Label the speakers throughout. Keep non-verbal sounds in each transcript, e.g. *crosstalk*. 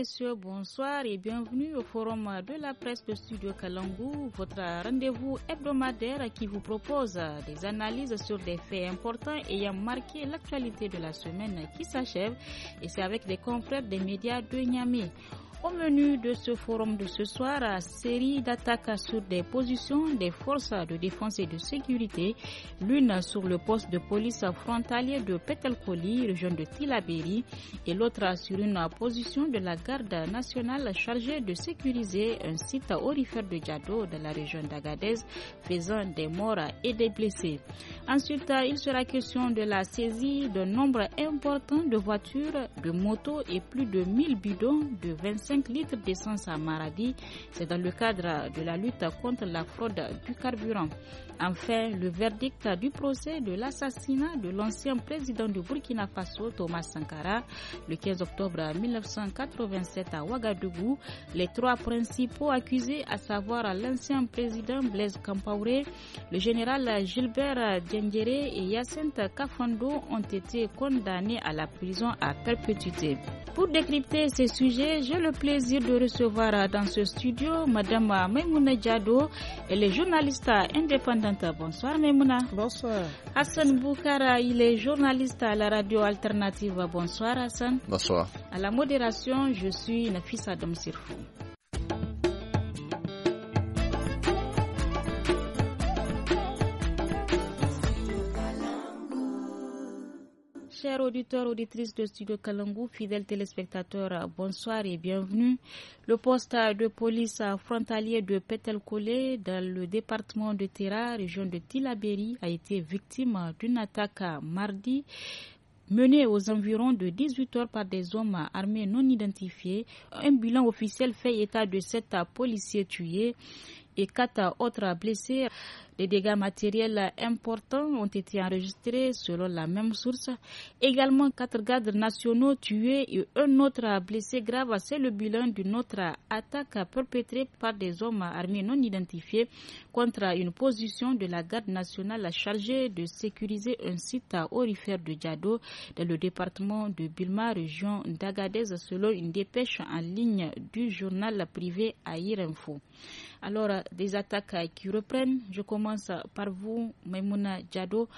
Speaker 1: messieurs, bonsoir et bienvenue au forum de la presse de Studio Kalangu, votre rendez-vous hebdomadaire qui vous propose des analyses sur des faits importants ayant marqué l'actualité de la semaine qui s'achève et c'est avec des confrères des médias de Niamey. Au menu de ce forum de ce soir, série d'attaques sur des positions des forces de défense et de sécurité, l'une sur le poste de police frontalier de Petelkoli, région de Tilaberi, et l'autre sur une position de la garde nationale chargée de sécuriser un site orifère de Djado dans la région d'Agadez, faisant des morts et des blessés. Ensuite, il sera question de la saisie d'un nombre important de voitures, de motos et plus de 1000 bidons de 25 5 litres d'essence à Maradi. C'est dans le cadre de la lutte contre la fraude du carburant. Enfin, le verdict du procès de l'assassinat de l'ancien président du Burkina Faso, Thomas Sankara, le 15 octobre 1987 à Ouagadougou, les trois principaux accusés, à savoir l'ancien président Blaise Compaoré, le général Gilbert Djangere et Yacinthe Kafando, ont été condamnés à la prison à perpétuité. Pour décrypter ces sujets, j'ai le plaisir de recevoir dans ce studio Madame Maimouna Diado, et les journaliste indépendants Bonsoir Memouna. Bonsoir. Hassan Boukara, il est journaliste à la radio alternative. Bonsoir Hassan. Bonsoir. À la modération, je suis Nafisa Sirfou. chers auditeurs, auditrices de Studio Kalangou, fidèles téléspectateurs, bonsoir et bienvenue. Le poste de police frontalier de Petelkolé, dans le département de Terra, région de Tilaberi, a été victime d'une attaque mardi menée aux environs de 18 heures par des hommes armés non identifiés. Un bilan officiel fait état de sept policiers tués et quatre autres blessés. Des dégâts matériels importants ont été enregistrés selon la même source. Également, quatre gardes nationaux tués et un autre blessé grave. C'est le bilan d'une autre attaque perpétrée par des hommes armés non identifiés contre une position de la garde nationale chargée de sécuriser un site aurifère de Djado dans le département de Bilma, région d'Agadez, selon une dépêche en ligne du journal privé Aïr Info. Alors, des attaques qui reprennent. Je commence par vous, Maimouna Diado.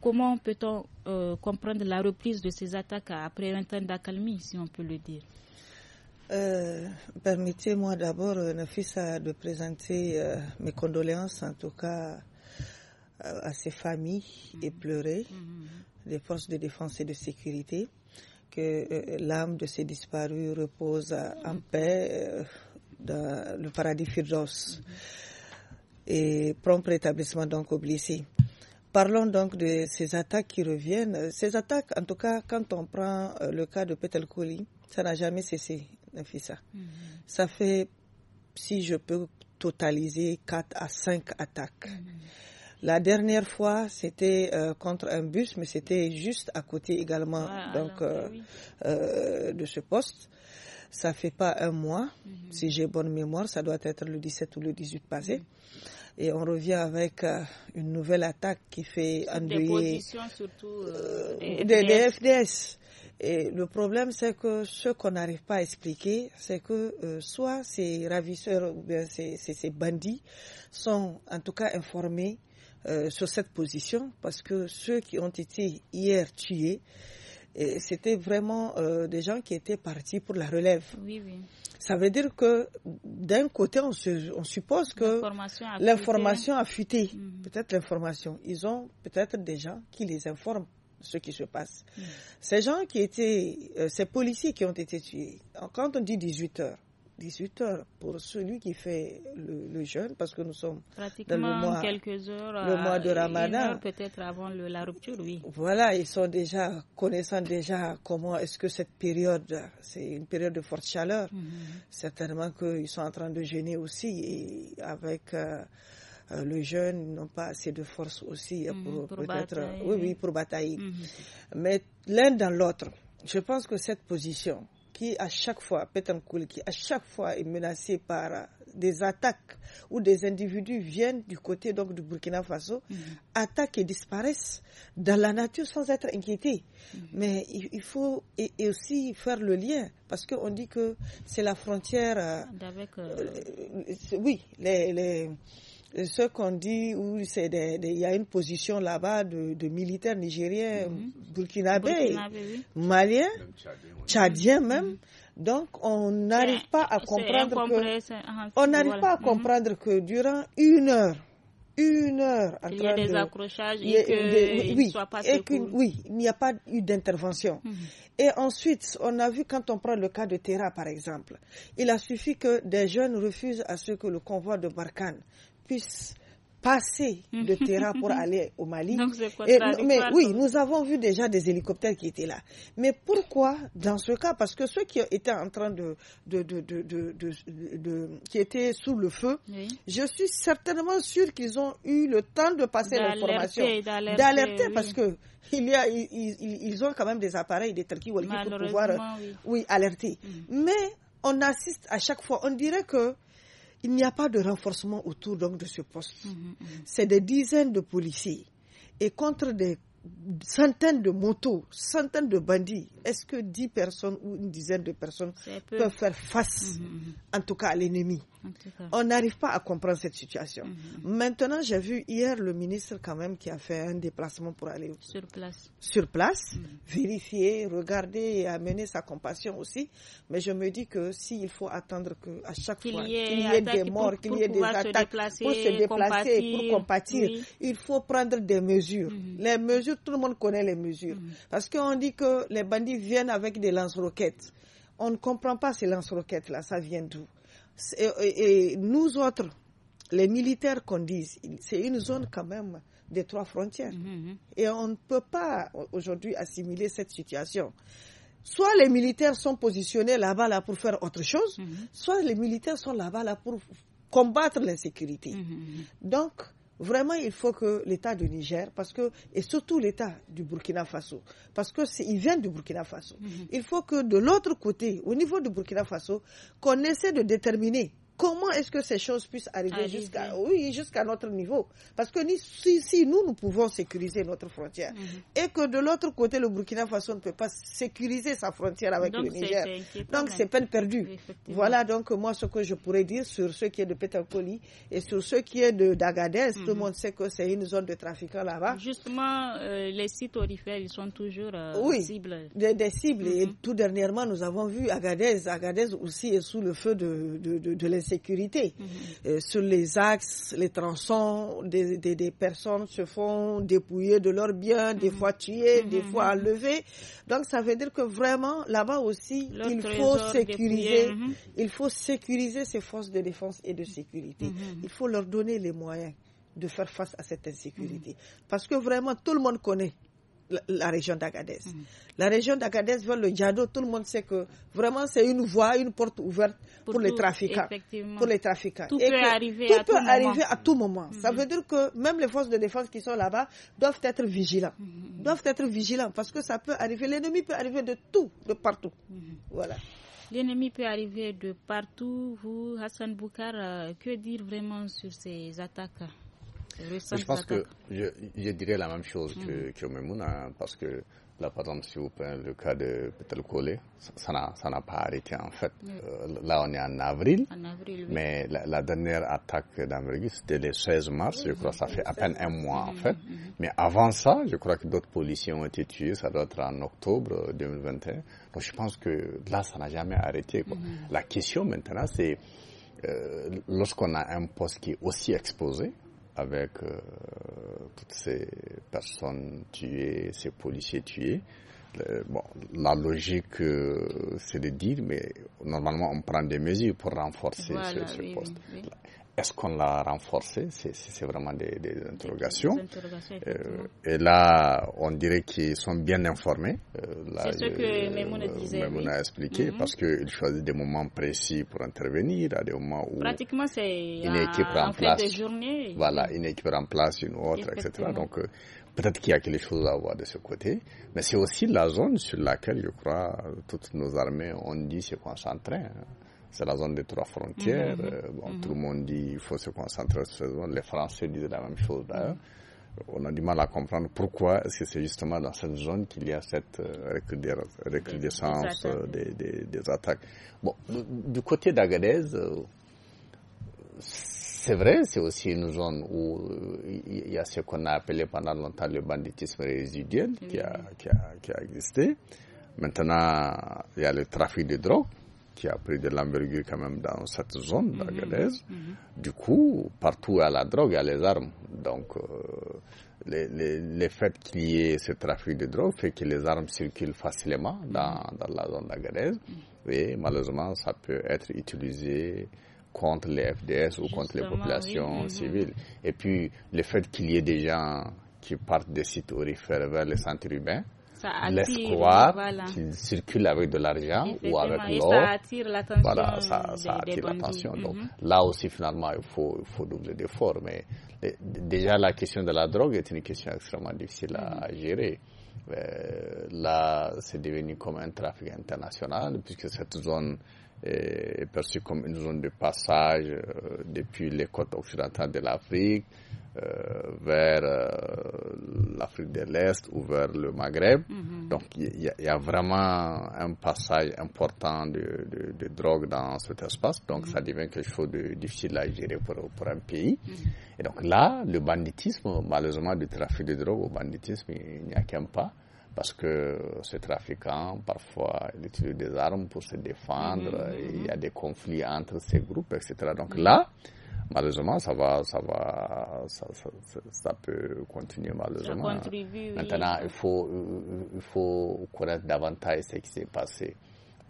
Speaker 1: Comment peut-on euh, comprendre la reprise de ces attaques après un temps d'accalmie, si
Speaker 2: on peut le dire euh, Permettez-moi d'abord, euh, Nafisa, de présenter mes condoléances, en tout cas à ces familles et mm-hmm. pleurer mm-hmm. des forces de défense et de sécurité, que l'âme de ces disparus repose en mm-hmm. paix dans le paradis firdos et propre rétablissement donc aux Parlons donc de ces attaques qui reviennent. Ces attaques, en tout cas, quand on prend euh, le cas de Petelkouli, ça n'a jamais cessé, Nafisa. Mm-hmm. Ça fait, si je peux totaliser, 4 à 5 attaques. Mm-hmm. La dernière fois, c'était euh, contre un bus, mais c'était juste à côté également ah, donc, euh, de ce poste. Ça fait pas un mois, mm-hmm. si j'ai bonne mémoire, ça doit être le 17 ou le 18 passé et on revient avec euh, une nouvelle attaque qui fait endeuiller
Speaker 1: euh, euh, des des,
Speaker 2: FDS. Et le problème, c'est que ce qu'on n'arrive pas à expliquer, c'est que soit ces ravisseurs ou bien ces, bandits sont en tout cas informés sur cette position, parce que ceux qui ont été hier tués, c'était vraiment euh, des gens qui étaient partis pour la relève. Oui, oui. Ça veut dire que d'un côté, on, se, on, suppose que
Speaker 1: l'information
Speaker 2: a fuité. Mhm. Peut-être l'information. Ils ont peut-être des gens qui les informent ce qui se passe. Mhm. Ces gens qui étaient, euh, ces policiers qui ont été tués, quand on dit 18 heures, 18 heures pour celui qui fait le, jeûne, parce que nous sommes
Speaker 1: Pratiquement quelques heures, le mois euh, de Ramadan. peut-être avant la rupture, oui.
Speaker 2: Voilà, ils sont déjà connaissant déjà comment est-ce que cette période, c'est une période de forte chaleur. Mhm. Certainement qu'ils sont en train de jeûner aussi et avec euh, euh, le jeune n'ont pas assez de force aussi mhm, pour, peut-être oui oui pour batailler mhm. mais l'un dans l'autre je pense que cette position qui à chaque fois, qui à chaque fois est menacé par euh, des attaques où des individus viennent du côté donc du Burkina Faso, mm-hmm. attaquent et disparaissent dans la nature sans être inquiétés. Mm-hmm. Mais il, faut et, aussi faire le lien parce qu'on dit que c'est la frontière. Euh, euh, oui, les ce qu'on dit, c'est il y a une position là-bas de, militaires nigériens, mhm. Burkinabé, maliens, tchadien, mhm. même. Donc on n'arrive pas à comprendre
Speaker 1: que, on n'arrive pas à mhm.
Speaker 2: comprendre que durant une heure, une heure il y a des
Speaker 1: accrochages et, que, oui, soit
Speaker 2: oui, il n'y a pas eu d'intervention. Et ensuite, on a vu quand on prend le cas de Terra, par exemple, il a suffi que des jeunes refusent à ce que le convoi de Barkhane puissent passer le *laughs* terrain pour aller au Mali. Donc, mais oui, nous avons vu déjà des hélicoptères qui étaient là. Mais pourquoi dans ce cas Parce que ceux qui étaient en train de, de, qui étaient sous le feu, je suis certainement sûr qu'ils ont eu le temps de passer l'information, d'alerter, parce que il y a, ils, ont quand même des appareils, des talkies pour pouvoir oui. alerter. Mm. Mais on assiste à chaque fois, on dirait que il n'y a pas de renforcement autour donc, de ce poste. Mhm, mhm. C'est des dizaines de policiers. Et contre des centaines de motos, centaines de bandits, est-ce que dix personnes ou une dizaine de personnes peuvent faire face, mhm, en tout cas, à l'ennemi on n'arrive pas à comprendre cette situation. Mhm. Maintenant, j'ai vu hier le ministre quand même qui a fait un déplacement pour aller sur place, sur place mhm. vérifier, regarder et amener sa compassion aussi. Mais je me dis que s'il faut attendre à chaque fois qu'il y, ait des morts, qu'il y ait des attaques pour se déplacer, pour compatir, il faut prendre des mesures. Mhm. Les mesures, tout le monde connaît les mesures. Parce qu'on dit que les bandits viennent avec des lance-roquettes. On ne comprend pas ces lance-roquettes-là, ça vient d'où euh, et, nous autres, les militaires qu'on dise, c'est une zone quand même des trois frontières. Mhm, mhm. Et on ne peut pas aujourd'hui assimiler cette situation. Soit les militaires sont positionnés là-bas là pour faire autre chose, mhm. soit les militaires sont là-bas là pour combattre l'insécurité. Donc, Vraiment, il faut que l'État du Niger, parce que, et surtout l'État du Burkina Faso, parce que vient du Burkina Faso, mhm. il faut que de l'autre côté, au niveau du Burkina Faso, qu'on essaie de déterminer comment est-ce que ces choses puissent arriver jusqu'à oui, jusqu'à notre niveau Parce que si, si, nous, nous pouvons sécuriser notre frontière mhm. et que de l'autre côté, le Burkina Faso ne peut pas sécuriser sa frontière avec le Niger, donc c'est peine perdue. Voilà donc moi ce que je pourrais dire sur ce qui est de Petalcoli et sur ce qui est de d'Agadez. Tout le mhm. monde sait que c'est une zone de trafiquants là-bas.
Speaker 1: Justement, euh, les sites orifères, ils sont toujours euh,
Speaker 2: Des, cibles. Et mhm. tout dernièrement, nous avons vu Agadez. Agadez aussi est sous le feu de, de, sécurité. Mm-hmm. Euh, sur les axes, les tronçons, des, personnes se font dépouiller de leurs biens, des mm-hmm. fois tuées, des mm-hmm. fois enlevés. Donc ça veut dire que vraiment là-bas aussi, il faut sécuriser, il faut sécuriser ces forces de défense et de sécurité. Il faut leur donner les moyens de faire face à cette insécurité. Parce que vraiment, tout le monde connaît la, région d'Agadez. Mm. La région d'Agadez le Djado, tout le monde sait que vraiment c'est une voie, une porte ouverte pour, les trafiquants.
Speaker 1: Pour les trafiquants. Tout peut, arriver, à,
Speaker 2: tout moment. Mm-hmm. Ça veut dire que même les forces de défense qui sont là-bas doivent être vigilants. Mm-hmm. Doivent être vigilants parce que ça peut arriver. L'ennemi peut arriver de tout, de partout. Mm-hmm.
Speaker 1: L'ennemi peut arriver de partout. Vous, Hassan Boukar, que dire vraiment sur ces attaques je
Speaker 3: pense que je, dirais la même chose que, hmm. que hein, parce que là, par exemple, si vous prenez le cas de Petal Kole, ça n'a pas arrêté en fait. Euh, là, on est en avril, mais la, dernière attaque d'Amérique, c'était le 16 mars, je crois, ça fait à peine un mois en hmm, fait. Hmm, mais avant ça, je crois que d'autres policiers ont été tués, ça doit être en octobre 2021. Euh, Donc je pense que là, ça n'a jamais arrêté. La question maintenant, c'est euh, lorsqu'on a un poste qui est aussi exposé, avec euh, toutes ces personnes tuées, ces policiers tués. Euh, bon, la logique, euh, c'est de dire, mais normalement, on prend des mesures pour renforcer ce, poste. Est-ce qu'on l'a renforcé C'est vraiment des, interrogations. Euh, et là, on dirait qu'ils sont bien informés. c'est ce que Memouna a expliqué, mhm. parce qu'ils choisissent des moments précis pour intervenir, à des moments où
Speaker 1: Pratiquement, une équipe en place Voilà,
Speaker 3: une équipe place une autre, etc. Donc, peut-être qu'il y a quelque chose à voir de ce côté, mais c'est aussi la zone sur laquelle, je crois, toutes nos armées ont dit se concentrer. Hein. C'est la zone des trois frontières. Mm-hmm. Euh, mm-hmm. Tout le monde dit qu'il faut se concentrer sur cette zone. Les Français disent la même chose hein. On a du mal à comprendre pourquoi est-ce que c'est justement dans cette zone qu'il y a cette euh, recrudescence euh, des, attaques. Bon, du côté d'Agadez, c'est vrai, c'est aussi une zone où euh, il y a ce qu'on a appelé pendant longtemps le banditisme résiduel qui, a, existé. Maintenant, il y a le trafic de drogue qui a pris de l'envergure quand même dans cette zone mm Du coup, partout a la drogue, il y a les armes. Donc, euh, le fait qu'il y ait ce trafic de drogue fait que les armes circulent facilement dans, mhm. dans la zone d'Agadez. Mhm. Et malheureusement, ça peut être utilisé contre les FDS ou contre les populations civiles. Et puis, le fait qu'il y ait des gens qui partent des sites orifères vers les centres urbains,
Speaker 1: laisse croire qu'ils
Speaker 3: circulent avec de l'argent ou avec l'or. Ça attire l'attention. Voilà, ça, attire l'attention. Donc mhm. là aussi, finalement, il faut, il faut doubler d'efforts. Mais déjà, la question de la drogue est une question extrêmement difficile à, mhm. gérer. Euh, là, c'est devenu comme un trafic international, puisque cette zone est perçue comme une zone de passage euh, depuis les côtes occidentales de l'Afrique euh, vers euh, l'Afrique de l'Est ou vers le Maghreb. Mm-hmm. Donc il y, a vraiment un passage important de, drogue dans cet espace. Donc mm-hmm. ça devient quelque chose de difficile à gérer pour, un pays. Mm-hmm. Et donc là, le banditisme, malheureusement, du trafic de drogue au banditisme, il n'y a qu'un pas parce que ces trafiquants, parfois, ils utilisent des armes pour se défendre, mhm, mhm, il y a mhm. des conflits entre ces groupes, etc. Donc là, malheureusement, ça va, ça va, ça, peut continuer malheureusement. Maintenant, il faut, il faut connaître davantage ce qui s'est passé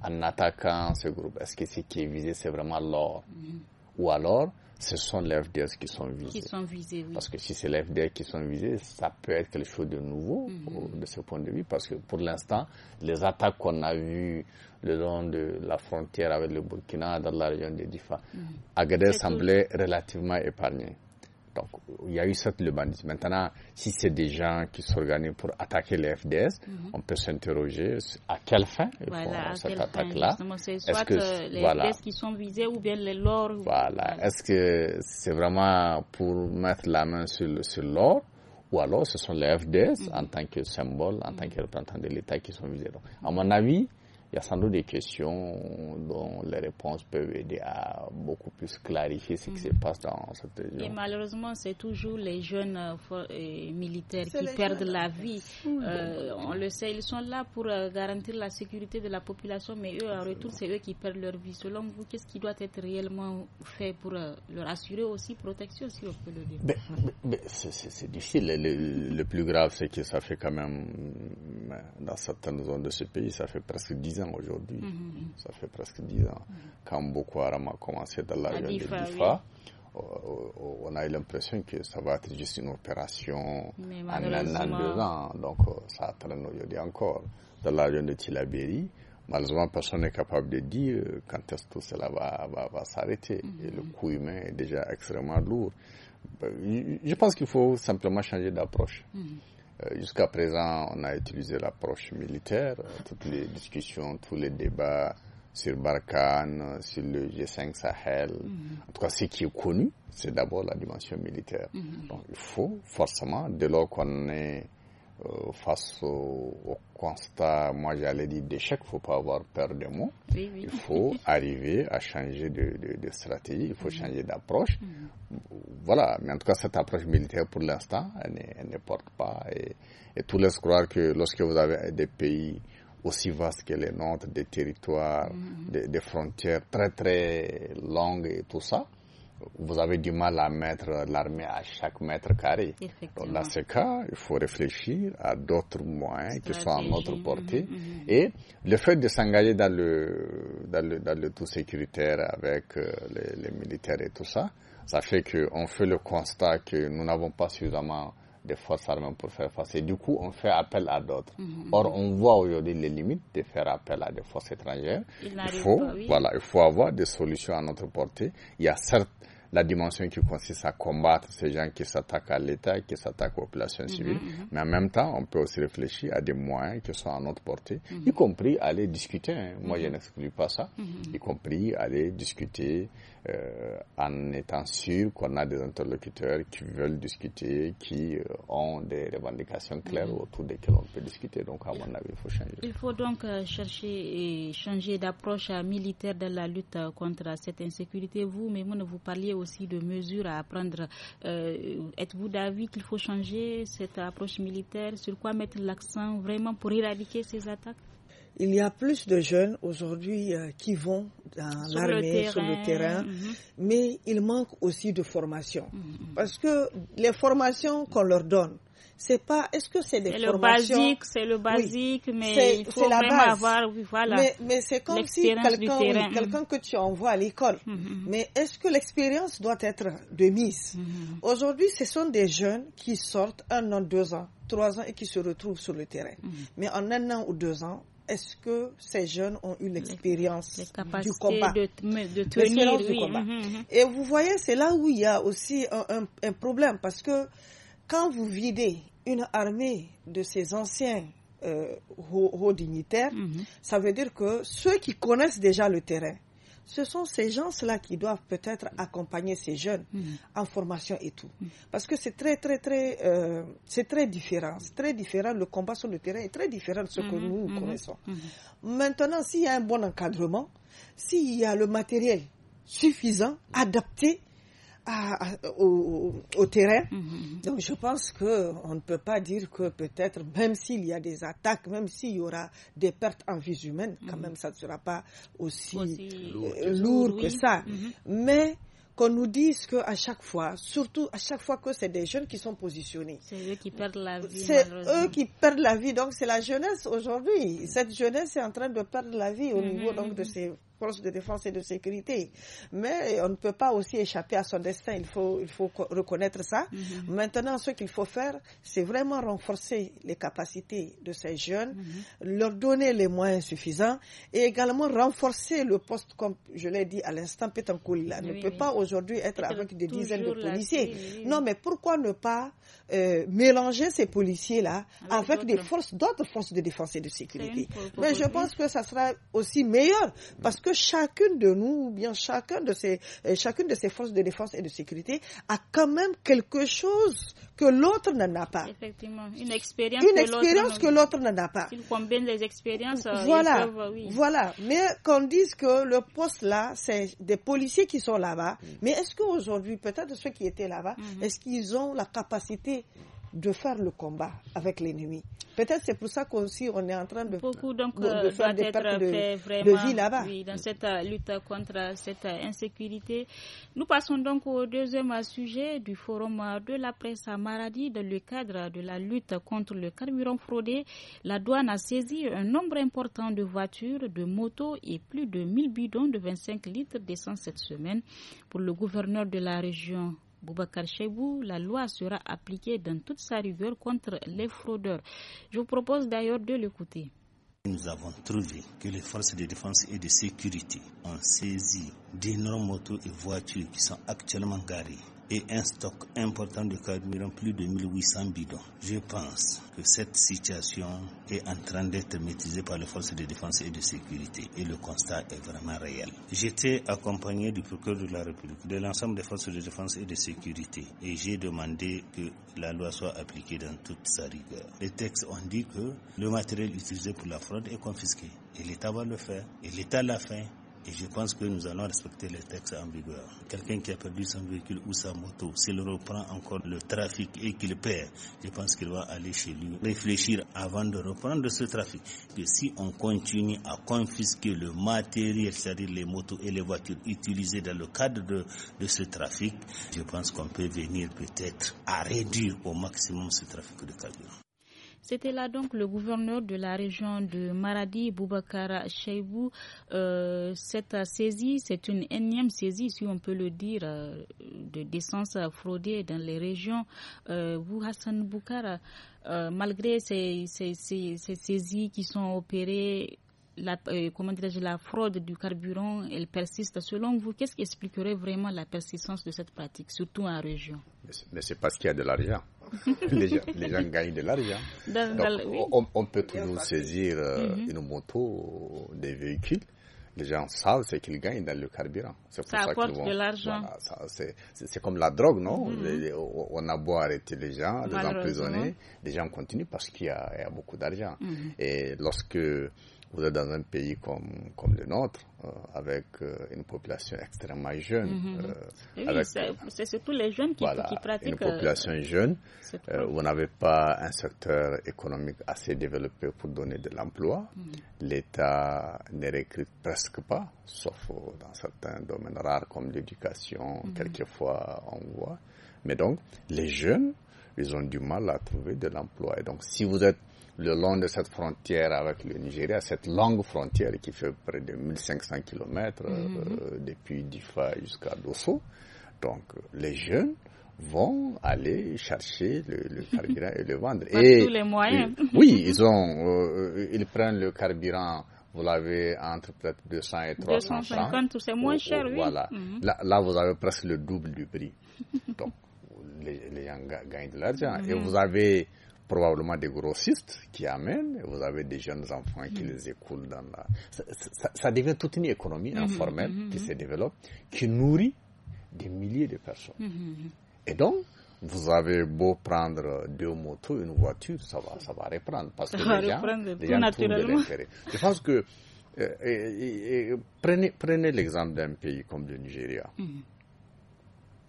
Speaker 3: en attaquant ce groupe. Est-ce que ce qui est visé, c'est vraiment l'or Ou alors, ce sont les FDS qui sont visés. Parce que si c'est les FDS qui sont visés, ça peut être quelque chose de nouveau mhm. de ce point de vue, parce que pour l'instant, les attaques qu'on a vues le long de la frontière avec le Burkina, dans la région de Difa, mhm. Agadez semblait relativement épargné. Donc, il y a eu cette lebanisme. Maintenant, si c'est des gens qui s'organisent pour attaquer les FDS, mhm. on peut s'interroger à quelle fin ils cette attaque-là. C'est -ce que, euh, les
Speaker 1: qui sont visés ou bien les l'or. Voilà. Est-ce
Speaker 3: que c'est vraiment pour mettre la main sur, sur l'or ou alors ce sont les FDS mhm. en tant que symbole, en tant que mhm. représentant de l'État qui sont visés. Donc, à mon avis, il y a sans doute des questions dont les réponses peuvent aider à beaucoup plus clarifier ce qui se mm. passe dans cette région. Et
Speaker 1: malheureusement, c'est toujours les jeunes euh, euh, militaires qui perdent la vie. Euh, on le sait, ils sont là pour garantir la sécurité de la population, mais eux, en retour, c'est eux qui perdent leur vie. Selon vous, qu'est-ce qui doit être réellement fait pour leur assurer aussi protection, si on peut le dire
Speaker 3: C'est difficile. Le, le, plus grave, c'est que ça fait quand même, dans certaines zones de ce pays, ça fait presque 10 aujourd'hui. Mhm. Ça fait presque 10 ans. Mhm. Quand Boko Haram a commencé dans la région de Difa, euh, euh, on a eu l'impression que ça va être juste une opération en un an, deux ans. Donc euh, ça traîne aujourd'hui encore. Dans la région de Tilaberi, malheureusement, personne n'est capable de dire quand est-ce que tout cela va, s'arrêter. Mhm. Et le coût humain est déjà extrêmement lourd. Ben, je pense qu'il faut simplement changer d'approche. Euh, jusqu'à présent, on a utilisé l'approche militaire, euh, toutes les discussions, tous les débats sur Barkhane, sur le G5 Sahel. Mm-hmm. En tout cas, ce qui est connu, c'est d'abord la dimension militaire. Mm-hmm. Donc, il faut forcément, dès lors qu'on est euh, face au, constat, moi j'allais dire d'échec, il ne faut pas avoir peur de mots. Il faut *laughs* arriver à changer de, stratégie, il faut mm. changer d'approche. Mm. Voilà, mais en tout cas, cette approche militaire pour l'instant, elle, ne porte pas. Et, tout laisse croire que lorsque vous avez des pays aussi vastes que les nôtres, des territoires, mm. des, frontières très très longues et tout ça vous avez du mal à mettre l'armée à chaque mètre carré. Dans ce cas, il faut réfléchir à d'autres moyens qui sont à notre portée. Mhm, mhm, mhm. Et le fait de s'engager dans le, dans le, dans le tout sécuritaire avec euh, les, les militaires et tout ça, ça fait qu'on fait le constat que nous n'avons pas suffisamment des forces armées pour faire face. Et du coup, on fait appel à d'autres. Mhm. Or, on voit aujourd'hui les limites de faire appel à des forces étrangères. Il, faut, voilà, il faut avoir des solutions à notre portée. Il y a certes la dimension qui consiste à combattre ces gens qui s'attaquent à l'État, qui s'attaquent aux populations mhm, civiles. Mhm. Mais en même temps, on peut aussi réfléchir à des moyens qui sont à notre portée, mhm. y compris aller discuter. Hein. Moi, je n'exclus pas ça. Y compris aller discuter euh, en étant sûr qu'on a des interlocuteurs qui veulent discuter, qui euh, ont des revendications claires autour desquelles on peut discuter. Donc, à mon avis, il faut changer. Il
Speaker 1: faut donc euh, chercher et changer d'approche militaire de la lutte contre cette insécurité. Vous, mais moi, ne vous parliez aussi de mesures à prendre. Euh, êtes-vous d'avis qu'il faut changer cette approche militaire Sur quoi mettre l'accent vraiment pour éradiquer ces attaques
Speaker 2: il y a plus de jeunes aujourd'hui euh, qui vont dans l'armée, sur le terrain, mhm. mais il manque aussi de formation. Mhm. Parce que les formations qu'on leur donne, c'est pas est-ce que c'est des formations le basique c'est le basique mais il faut la même avoir voilà mais, c'est comme si mhm. quelqu'un que tu envoies à l'école mhm, mhm. mais est-ce que l'expérience doit être de mise aujourd'hui ce sont des jeunes qui sortent un an deux ans trois ans et qui se retrouvent sur le terrain mais en un an ou deux ans est-ce que ces jeunes ont une expérience du combat, de,
Speaker 1: tenir, combat.
Speaker 2: Et vous voyez, c'est là où il y a aussi un problème parce que quand vous videz une armée de ces anciens euh, hauts, dignitaires, mhm. ça veut dire que ceux qui connaissent déjà le terrain, ce sont ces gens-là qui doivent peut-être accompagner ces jeunes mhm. en formation et tout. Mhm. Parce que c'est très, très, très, euh, c'est très différent. C'est très différent. Le combat sur le terrain est très différent de ce que nous connaissons. Maintenant, s'il y a un bon encadrement, s'il y a le matériel suffisant, adapté, au, terrain. Mm-hmm. Donc je pense que on ne peut pas dire que peut-être, même s'il y a des attaques, même s'il y aura des pertes en vies humaines, quand mm-hmm. même ça ne sera pas aussi, lourd, que ça. Mm-hmm. Mais qu'on nous dise que à chaque fois, surtout à chaque fois que c'est des jeunes qui sont positionnés.
Speaker 1: C'est eux qui perdent la vie. C'est eux
Speaker 2: qui perdent la vie. Donc c'est la jeunesse aujourd'hui. Cette jeunesse est en train de perdre la vie au niveau donc de ces de défense et de sécurité. Mais on ne peut pas aussi échapper à son destin, il faut, il faut reconnaître ça. Mhm. Maintenant, ce qu'il faut faire, c'est vraiment renforcer les capacités de ces jeunes, mhm. leur donner les moyens suffisants et également renforcer le poste, comme je l'ai dit à l'instant, Pétancoul. On ne peut pas aujourd'hui être avec des dizaines de policiers. non, mais pourquoi ne pas euh, mélanger ces policiers-là avec, des forces, d'autres forces de défense et de sécurité. Mais je pense que ça sera aussi meilleur parce que chacune de nous, ou bien chacun de ces, euh, chacune de ces forces de défense et de sécurité a quand même quelque chose que l'autre n'en a pas.
Speaker 1: une expérience, que
Speaker 2: l'autre n'en a pas.
Speaker 1: Il les expériences. Euh, voilà, euh,
Speaker 2: voilà. Mais qu'on dise que le poste là, c'est des policiers qui sont là-bas. Mm. Mais est-ce qu'aujourd'hui, peut-être ceux qui étaient là-bas, mm-hmm. est-ce qu'ils ont la capacité de faire le combat avec l'ennemi. Peut-être c'est pour ça qu'on est en train de, Beaucoup, donc, de, euh, faire des pertes de, vie là-bas.
Speaker 1: Oui, dans cette euh, lutte contre cette euh, insécurité. Nous passons donc au deuxième sujet du forum de la presse à Maradi. Dans le cadre de la lutte contre le carburant fraudé, la douane a saisi un nombre important de voitures, de motos et plus de 1000 bidons de 25 litres d'essence cette semaine. Pour le gouverneur de la région Boubacar Chebou, la loi sera appliquée dans toute sa rigueur contre les fraudeurs. Je vous propose d'ailleurs de l'écouter.
Speaker 4: Nous avons trouvé que les forces de défense et de sécurité ont saisi d'énormes motos et voitures qui sont actuellement garées et un stock important de carburant, plus de 1800 bidons. Je pense que cette situation est en train d'être maîtrisée par les forces de défense et de sécurité et le constat est vraiment réel. J'étais accompagné du procureur de la République, de l'ensemble des forces de défense et de sécurité et j'ai demandé que la loi soit appliquée dans toute sa rigueur. Les textes ont dit que le matériel utilisé pour la fraude est confisqué et l'État va le faire et l'État l'a fait et je pense que nous allons respecter les textes en vigueur. Quelqu'un qui a perdu son véhicule ou sa moto, s'il reprend encore le trafic et qu'il perd, je pense qu'il va aller chez lui réfléchir avant de reprendre ce trafic. Que si on continue à confisquer le matériel, c'est-à-dire les motos et les voitures utilisées dans le cadre de, de ce trafic, je pense qu'on peut venir peut-être à réduire au maximum ce trafic de carburant.
Speaker 1: C'était là donc le gouverneur de la région de Maradi, Boubacar Cheibou. Euh, cette saisie, c'est une énième saisie, si on peut le dire, euh, de d'essence fraudée dans les régions. Euh, Hassan euh, malgré ces saisies qui sont opérées, la, euh, la fraude du carburant, elle persiste. Selon vous, qu'est-ce qui expliquerait vraiment la persistance de cette pratique, surtout en région
Speaker 3: Mais c'est parce qu'il y a de l'argent. *laughs* les, gens, gagnent de l'argent. On, peut toujours saisir euh, mhm. une moto, des véhicules. Les gens savent ce qu'ils gagnent dans le carburant. ça, apporte de l'argent. c'est comme la drogue, non mhm. On a beau arrêter les gens, les emprisonner, les gens continuent parce qu'il y, a beaucoup d'argent. Mhm. Et lorsque vous êtes dans un pays comme, le nôtre, euh, avec euh, une population extrêmement jeune. Mhm. Euh,
Speaker 1: c'est surtout les jeunes qui, pratiquent. Une population
Speaker 3: jeune. vous n'avez pas un secteur économique assez développé pour donner de l'emploi. Mhm. L'État ne recrute presque pas, sauf dans certains domaines rares comme l'éducation, mhm. quelquefois on voit. Mais donc, les jeunes ils ont du mal à trouver de l'emploi. Et donc, si vous êtes le long de cette frontière avec le Nigeria, cette longue frontière qui fait près de 1500 kilomètres euh, mhm. depuis Difa jusqu'à Dosso, donc les jeunes vont aller chercher le, *laughs* carburant et le vendre. et tous les
Speaker 1: moyens. oui, *laughs*
Speaker 3: ils ont, euh, ils prennent le carburant vous l'avez entre être 200 et 300 250,
Speaker 1: c'est moins cher, oui. Voilà. Mhm.
Speaker 3: là, là, vous avez presque le double du prix. *laughs* Donc, les, les gens gagnent de l'argent. Et mhm. vous avez probablement des grossistes qui amènent, et vous avez des jeunes enfants qui mhm. les écoulent dans la... Ça, devient toute une économie mhm, informelle qui se développe, qui nourrit des milliers de personnes. Et donc, vous avez beau prendre deux motos, une voiture, ça va, ça va reprendre, parce que les gens, les gens Je pense que... Euh, prenez, prenez l'exemple d'un pays comme le Nigeria.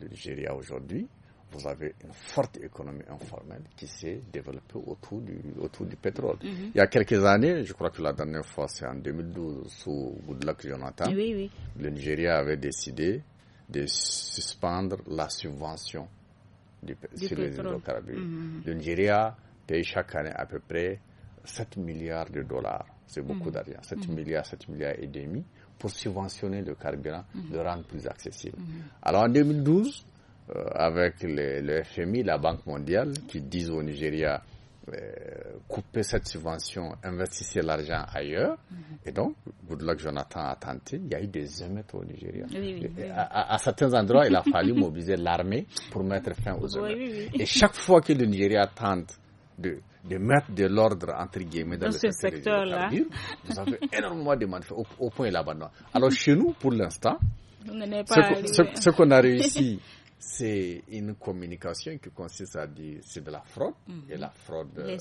Speaker 3: Le Nigeria aujourd'hui, vous avez une forte économie informelle qui s'est développée autour du, autour du pétrole. Mhm. Il y a quelques années, je crois que la dernière fois, c'est en 2012, sous Goodluck Jonathan,
Speaker 4: le
Speaker 3: Nigeria avait décidé de suspendre la subvention du, sur les hydrocarbures. Mhm, mhm. Le Nigeria paye chaque année à peu près 7 milliards de dollars. C'est beaucoup d'argent. 7 milliards, 7 milliards et demi pour subventionner le carburant, le rendre plus accessible. Alors en 2012, euh, avec le, FMI, la Banque mondiale, qui disent au Nigeria, euh, couper cette subvention, investissez l'argent ailleurs. Mhm. Et donc, Goodluck Jonathan a tenté. Il y a eu des émeutes au Nigeria. À, certains endroits, il a fallu *laughs* mobiliser l'armée pour mettre fin aux émeutes. Et chaque fois que le Nigeria tente de, de mettre de l'ordre, entre guillemets, dans, ce secteur-là, nous avons énormément de manifestations au, au, point de l'abandon. Alors, chez nous, pour l'instant,
Speaker 1: ce qu'on a réussi
Speaker 3: *laughs* c'est une communication qui consiste à dire c'est de la fraude mhm. et la fraude euh,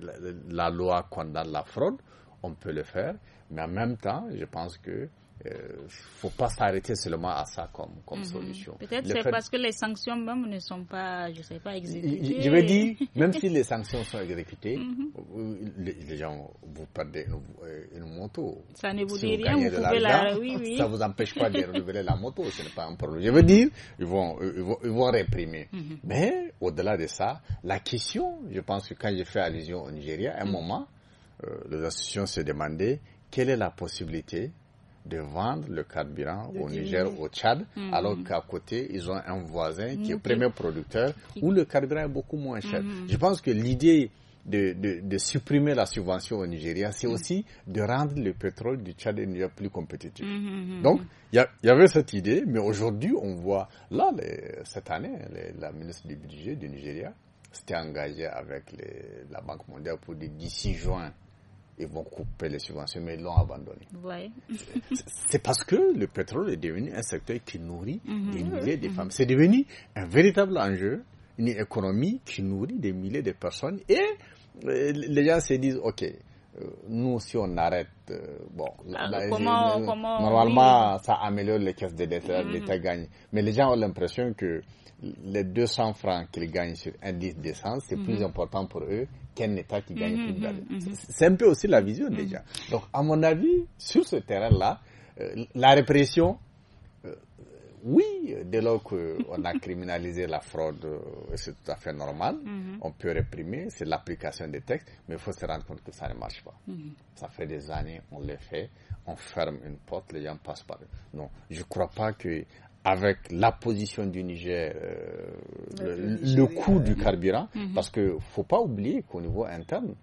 Speaker 3: la, la, loi condamne la fraude on peut le faire mais en même temps je pense que ne euh, faut pas s'arrêter seulement à ça comme, comme mhm. solution. Peut-être c'est parce que
Speaker 1: les sanctions même ne sont pas, je sais pas, exécutées. Je, veux dire, même si *laughs* les
Speaker 3: sanctions sont exécutées, mhm. les, gens, vous perdez une, moto. Ça ne vous dit rien, vous la... Oui, oui. Ça vous empêche pas de *laughs* renouveler la moto, ce n'est pas un problème. Je veux dire, ils vont, vont, réprimer. Mhm. Mais au-delà de ça, la question, je pense que quand j'ai fait allusion au Nigeria, à un moment, euh, les institutions se demandaient quelle est la possibilité de vendre le carburant au Niger, au Tchad, mhm. alors qu'à côté, ils ont un voisin qui est premier producteur où le carburant est beaucoup moins cher. Mhm. Je pense que l'idée de, de, de, supprimer la subvention au Nigeria, c'est mhm. aussi de rendre le pétrole du Tchad et du Niger plus compétitif. Donc, il y, y, avait cette idée, mais aujourd'hui, on voit, là, cette année, la ministre du Budget du Nigeria s'était engagée avec la Banque mondiale pour d'ici juin ils vont couper les subventions, mais ils l'ont abandonné. c'est parce que le pétrole est devenu un secteur qui nourrit mm-hmm. des milliers de mm-hmm. femmes. C'est devenu un véritable enjeu, une économie qui nourrit des milliers de personnes. Et euh, les gens se disent, OK, euh, nous, si on arrête, euh, bon, ah, normalement, ça améliore les caisses de l'État, mm-hmm. l'État gagne. Mais les gens ont l'impression que les 200 francs qu'ils gagnent sur un litre d'essence, c'est plus important pour eux État qui gagne mhm, mhm, mhm. C'est un peu aussi la vision déjà. Donc, à mon avis, sur ce terrain-là, euh, la répression, euh, oui, dès lors qu'on *laughs* a criminalisé la fraude, euh, c'est tout à fait normal. On peut réprimer, c'est l'application des textes, mais il faut se rendre compte que ça ne marche pas. Ça fait des années, on le fait, on ferme une porte, les gens passent par eux. Non, je ne crois pas que avec la position du Niger, euh, le, coût du carburant, mhm. parce que faut pas oublier qu'au niveau interne,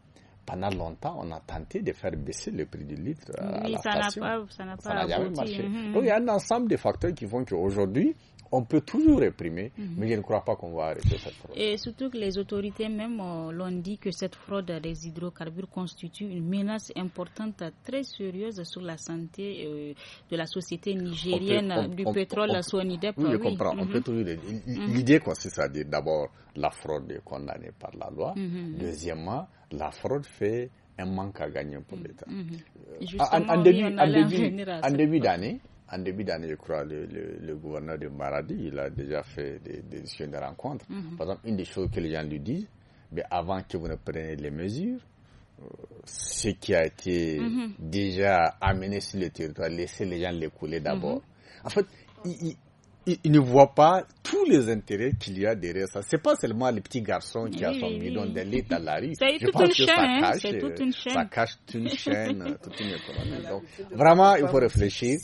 Speaker 3: pendant longtemps, on a tenté de faire baisser le prix du litre. Euh, à ça n'a pas, ça marché. Mhm. Donc il y a un ensemble de facteurs qui font qu'aujourd'hui, on peut toujours réprimer, mhm. mais je ne crois pas qu'on va arrêter cette fraude.
Speaker 1: Et surtout que les autorités même euh, l'ont dit que cette fraude des hydrocarbures constitue une menace importante, très sérieuse sur la santé euh, de la société nigérienne du pétrole, la Sonidep. Oui, je
Speaker 3: comprends. On peut mhm. toujours... L'idée consiste à dire d'abord la fraude est condamnée par la loi. Deuxièmement, la fraude fait un manque à gagner pour mm-hmm. l'État. Mm-hmm. Euh, ah, en, début, d'année, en début d'année, je crois, le, le, gouverneur de Maradi, il a déjà fait des, des de rencontres. Mm-hmm. Par exemple, une des choses que les gens lui disent, mais avant que vous ne preniez les mesures, euh, ce qui a été déjà amené sur le territoire, laissez les gens couler d'abord. En fait, il, il ne voit pas tous les intérêts qu'il y a derrière ça. C'est pas seulement les petits garçons qui oui, a son oui, à la rue. C'est toute, une ça cache, toute une chaîne. *laughs* toute une économie. Donc, vraiment, il faut réfléchir.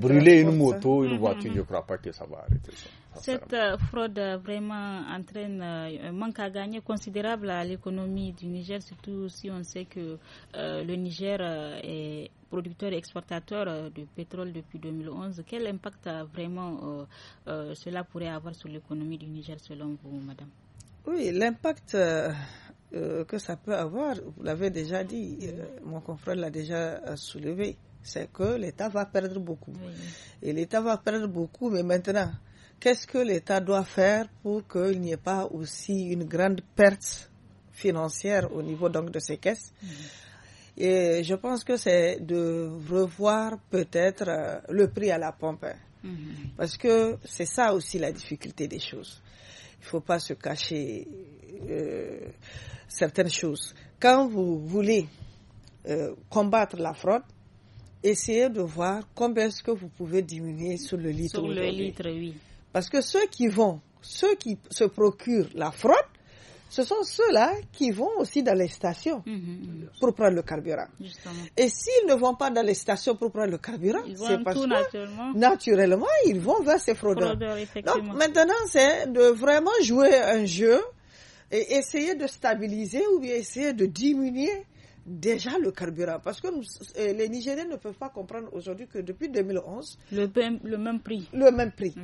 Speaker 3: Brûler une moto, une mm-hmm. voiture, je ne crois pas que ça va arrêter ça.
Speaker 1: Cette euh, fraude euh, vraiment entraîne euh, un manque à gagner considérable à l'économie du Niger, surtout si on sait que le Niger est producteur et exportateur de pétrole depuis 2011. Quel impact vraiment cela pourrait avoir sur l'économie du Niger selon vous, madame
Speaker 2: Oui, l'impact que ça peut avoir, vous l'avez déjà dit, mon confrère l'a déjà soulevé, c'est que l'État va perdre beaucoup. Et l'État va perdre beaucoup, mais maintenant, qu'est-ce que l'État doit faire pour qu'il n'y ait pas aussi une grande perte financière au niveau donc de ces caisses mm-hmm. Et je pense que c'est de revoir peut-être euh, le prix à la pompe. Hein. Mm-hmm. Parce que c'est ça aussi la difficulté des choses. Il ne faut pas se cacher euh, certaines choses. Quand vous voulez euh, combattre la fraude, essayez de voir combien est-ce que vous pouvez diminuer sur le litre. Sur le litre, oui. Parce que ceux qui vont, ceux qui se procurent la fraude, ce sont ceux-là qui vont aussi dans les stations mhm, mhm. pour prendre le carburant. Et s'ils ne vont pas dans les stations pour prendre le carburant, naturellement. ils vont vers ces fraudeurs.
Speaker 1: Donc
Speaker 2: maintenant, c'est de vraiment jouer un jeu et essayer de stabiliser ou bien essayer de diminuer déjà le carburant. Parce que euh, les Nigériens ne peuvent pas comprendre aujourd'hui que depuis 2011... Le, même prix. Le même prix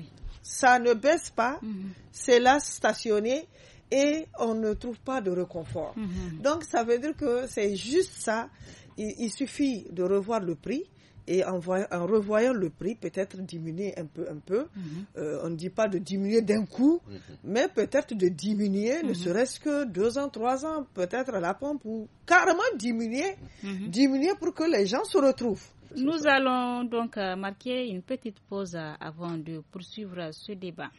Speaker 2: ça ne baisse pas, mhm. c'est là stationné et on ne trouve pas de réconfort. Mhm. Donc ça veut dire que c'est juste ça. Il, suffit de revoir le prix. Et en, revoyant le prix, peut-être diminuer un peu, un peu. Mhm. Euh, on ne dit pas de diminuer d'un coup, mais peut-être de diminuer, ne serait-ce que deux ans, trois ans, peut-être à la pompe, ou carrément diminuer, diminuer pour que les gens se retrouvent.
Speaker 1: Nous allons donc euh, marquer une petite pause euh, avant de poursuivre ce débat.